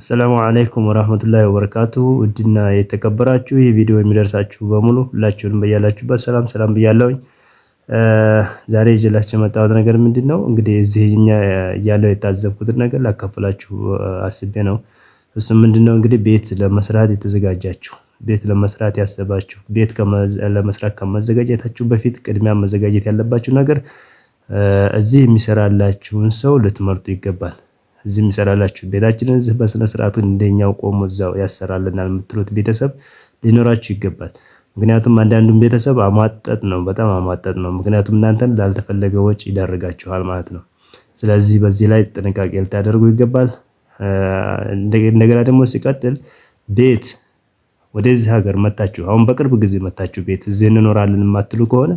አሰላሙ አለይኩም ወራህመቱላሂ ወበረካቱሁ ውድና የተከበራችሁ ይህ ቪዲዮ የሚደርሳችሁ በሙሉ ሁላችሁንም በያላችሁበት ሰላም ሰላም ብያለሁኝ። ዛሬ ይዤላችሁ የመጣሁት ነገር ምንድን ነው እንግዲህ እዚህ እኛ እያለሁ የታዘብኩትን ነገር ላካፍላችሁ አስቤ ነው። እሱም ምንድን ነው እንግዲህ ቤት ለመስራት የተዘጋጃችሁ ቤት ለመስራት ያሰባችሁ ቤት ለመስራት ከመዘጋጀታችሁ በፊት ቅድሚያ መዘጋጀት ያለባችሁ ነገር እዚህ የሚሰራላችሁን ሰው ልትመርጡ ይገባል። እዚህ የሚሰራላችሁ ቤታችንን እዚህ በስነ ስርዓቱ እንደኛው ቆሞ እዛው ያሰራልናል የምትሉት ቤተሰብ ሊኖራችሁ ይገባል። ምክንያቱም አንዳንዱን ቤተሰብ አሟጠጥ ነው፣ በጣም አሟጠጥ ነው። ምክንያቱም እናንተን ላልተፈለገ ወጪ ይዳርጋችኋል ማለት ነው። ስለዚህ በዚህ ላይ ጥንቃቄ ልታደርጉ ይገባል። እንደገና ደግሞ ሲቀጥል ቤት ወደዚህ ሀገር መታችሁ አሁን በቅርብ ጊዜ መታችሁ ቤት እዚህ እንኖራለን የማትሉ ከሆነ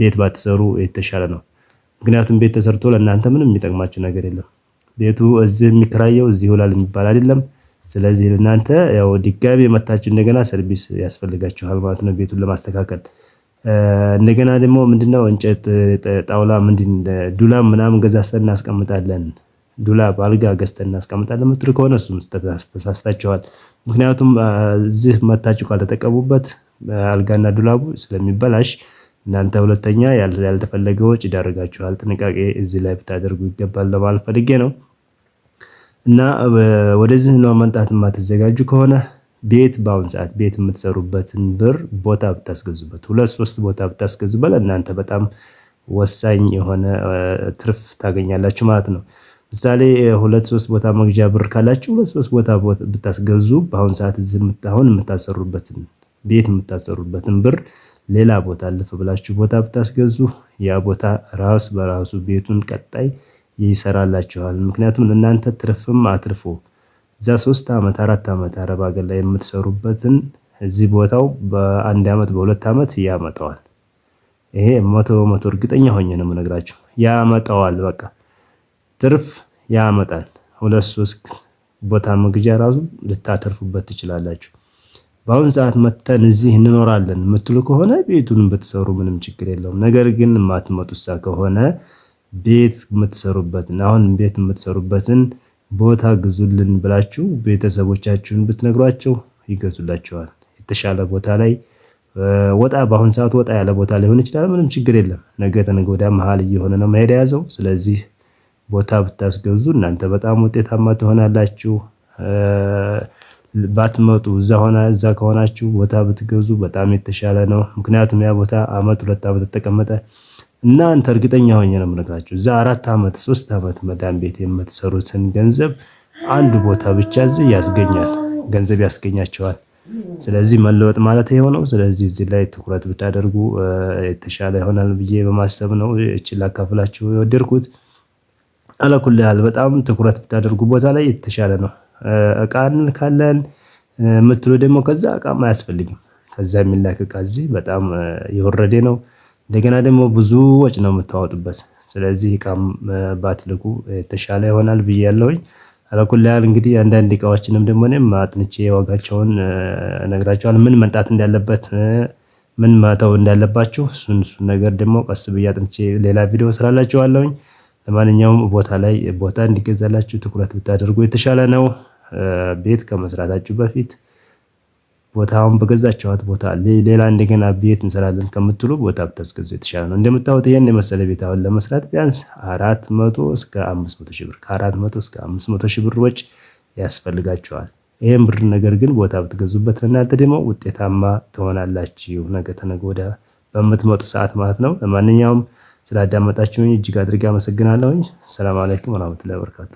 ቤት ባትሰሩ የተሻለ ነው። ምክንያቱም ቤት ተሰርቶ ለእናንተ ምንም የሚጠቅማችሁ ነገር የለም። ቤቱ እዚህ የሚከራየው እዚህ ይውላል የሚባል አይደለም። ስለዚህ እናንተ ያው ድጋሚ መታችሁ እንደገና ሰርቪስ ያስፈልጋችኋል ማለት ነው ቤቱን ለማስተካከል። እንደገና ደግሞ ምንድነው እንጨት፣ ጣውላ፣ ምንድን ዱላ ምናምን ገዛስተን እናስቀምጣለን። ዱላ በአልጋ ገዝተን እናስቀምጣለን ምትሉ ከሆነ እሱም ተሳስታችኋል። ምክንያቱም እዚህ መታችሁ ካልተጠቀሙበት አልጋና ዱላቡ ስለሚበላሽ እናንተ ሁለተኛ ያልተፈለገ ወጪ ይዳርጋችኋል። ጥንቃቄ እዚህ ላይ ብታደርጉ ይገባል ለማለት ፈልጌ ነው። እና ወደዚህ ማምጣት የማትዘጋጁ ከሆነ ቤት በአሁን ሰዓት ቤት የምትሰሩበትን ብር ቦታ ብታስገዙበት፣ ሁለት ሶስት ቦታ ብታስገዙበት እናንተ በጣም ወሳኝ የሆነ ትርፍ ታገኛላችሁ ማለት ነው። ምሳሌ ሁለት ሶስት ቦታ መግዣ ብር ካላችሁ ሁለት ሶስት ቦታ ብታስገዙ በአሁን ሰዓት እዚህ አሁን የምታሰሩበትን ቤት የምታሰሩበትን ብር ሌላ ቦታ አለፍ ብላችሁ ቦታ ብታስገዙ ያ ቦታ ራስ በራሱ ቤቱን ቀጣይ ይሰራላችኋል። ምክንያቱም ለእናንተ ትርፍም አትርፎ እዛ ሶስት አመት አራት አመት አረብ ሀገር ላይ የምትሰሩበትን እዚህ ቦታው በአንድ አመት በሁለት አመት ያመጣዋል። ይሄ መቶ በመቶ እርግጠኛ ሆኜ ነው የምነግራችሁ። ያመጣዋል በቃ ትርፍ ያመጣል። ሁለት ሶስት ቦታ መግዣ ራሱ ልታተርፉበት ትችላላችሁ። በአሁን ሰዓት መተን እዚህ እንኖራለን የምትሉ ከሆነ ቤቱን ብትሰሩ ምንም ችግር የለውም። ነገር ግን የማትመጡሳ ከሆነ ቤት የምትሰሩበትን አሁን ቤት የምትሰሩበትን ቦታ ግዙልን ብላችሁ ቤተሰቦቻችሁን ብትነግሯቸው ይገዙላቸዋል። የተሻለ ቦታ ላይ ወጣ በአሁን ሰዓት ወጣ ያለ ቦታ ሊሆን ይችላል። ምንም ችግር የለም። ነገ ተነገ ወዲያ መሀል እየሆነ ነው መሄድ የያዘው። ስለዚህ ቦታ ብታስገዙ እናንተ በጣም ውጤታማ ትሆናላችሁ። ባትመጡ እዛ ሆነ እዛ ከሆናችሁ ቦታ ብትገዙ በጣም የተሻለ ነው። ምክንያቱም ያ ቦታ አመት ሁለት አመት ተቀመጠ እና አንተ እርግጠኛ ሆኜ ነው የምነግራችሁ እዛ አራት አመት ሶስት አመት መዳን ቤት የምትሰሩትን ገንዘብ አንድ ቦታ ብቻ እዚህ ያስገኛል፣ ገንዘብ ያስገኛቸዋል። ስለዚህ መለወጥ ማለት ይሄው ነው። ስለዚህ እዚህ ላይ ትኩረት ብታደርጉ የተሻለ ይሆናል ብዬ በማሰብ ነው እችን ላካፍላችሁ የወደድኩት። አለኩል በጣም ትኩረት ብታደርጉ ቦታ ላይ የተሻለ ነው። እቃን ካለን የምትሉ ደግሞ ከዛ እቃም አያስፈልግም ከዛ የሚላክ እቃ እዚህ በጣም የወረደ ነው። እንደገና ደግሞ ብዙ ወጭ ነው የምታወጡበት ስለዚህ እቃም ባትልኩ የተሻለ ይሆናል ብዬ ያለውኝ ያህል እንግዲህ አንዳንድ እቃዎችንም ደግሞ እኔም አጥንቼ ዋጋቸውን ነግራቸዋል። ምን መምጣት እንዳለበት ምን መተው እንዳለባችሁ እሱን እሱን ነገር ደግሞ ቀስ ብዬ አጥንቼ ሌላ ቪዲዮ እሰራላችኋለሁኝ ለማንኛውም ቦታ ላይ ቦታ እንዲገዛላችሁ ትኩረት ብታደርጉ የተሻለ ነው። ቤት ከመስራታችሁ በፊት ቦታውን በገዛችኋት ቦታ ሌላ እንደገና ቤት እንሰራለን ከምትሉ ቦታ ብታስገዙ የተሻለ ነው። እንደምታዩት ይህን የመሰለ ቤት አሁን ለመስራት ቢያንስ አራት መቶ እስከ አምስት መቶ ሺህ ብር ከአራት መቶ እስከ አምስት መቶ ሺህ ብር ወጪ ያስፈልጋቸዋል። ይህም ብር ነገር ግን ቦታ ብትገዙበት እናንተ ደግሞ ውጤታማ ትሆናላችሁ ነገ ተነገ ወዲያ በምትመጡ ሰዓት ማለት ነው። ለማንኛውም ስላዳመጣችሁኝ እጅግ አድርጌ አመሰግናለሁኝ። ሰላም አለይኩም ወራህመቱላሂ ወበረካቱ።